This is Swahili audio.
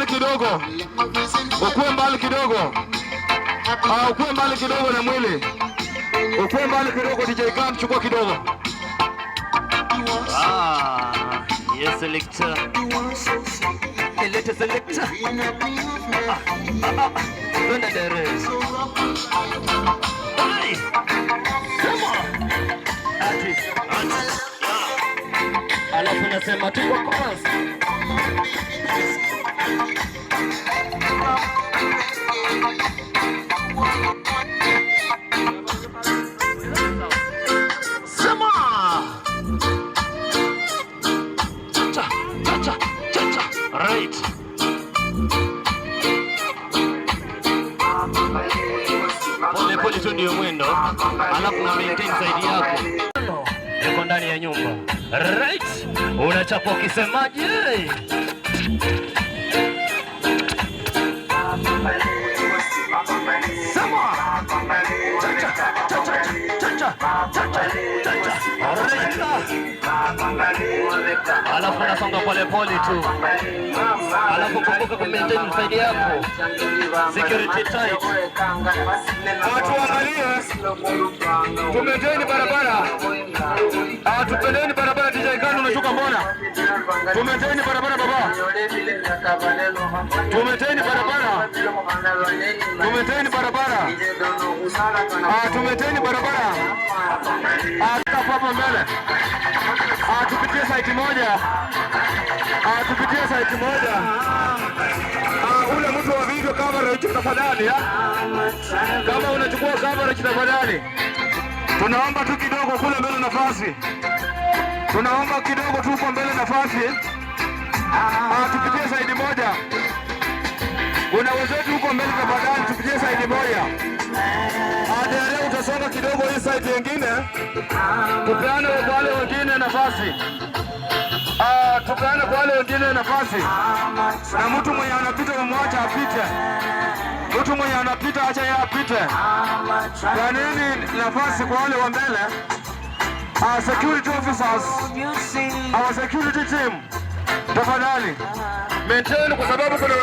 mbali kidogo, ukuwe mbali kidogo, ah, ukuwe mbali kidogo na mwili, ukuwe mbali kidogo. DJ Gam, chukua kidogo. Ah, yes selector. Elete selector. Ah, ah, ah. ah. Twende Come on. Ati, ati. Alafu nasema kwa kwanza. right. Pole pole tu ndio mwendo, alafu na maintain side yako yuko ndani ya nyumba right. Unachapa ukisemaje? Sema alafu nasonga polepole tu, alafu kumbuka kumeintain msaidi yako security tight. Hatuangalie tumejoini barabara, hatupendeni ah, barabara. DJ Kanu unashuka mbona? Tumejoini barabara baba, tumejoini barabara, tumejoini barabara, ah, tumejoini barabara, hata ah, hapa mbele hawatupitie ah, site moja, hawatupitie ah, site moja. Ah, ule mtu wa video coverage tafadhali, kama unachukua coverage tafadhali, tunaomba tu kidogo kule mbele nafasi, tunaomba kidogo tu kwa mbele nafasi, tupitie side moja. una wenzetu huko mbele tafadhali, tupitie side moja kidogo hii side nyingine, tupeane kwa wale wengine nafasi, Ah, tupeane kwa wale wengine nafasi, na mtu mwenye anapita kumwacha apite, mtu mwenye anapita acha yeye apite. Kwa nini nafasi kwa wale wa mbele? Our security officers, our security team, tafadhali maintain kwa sababu kuna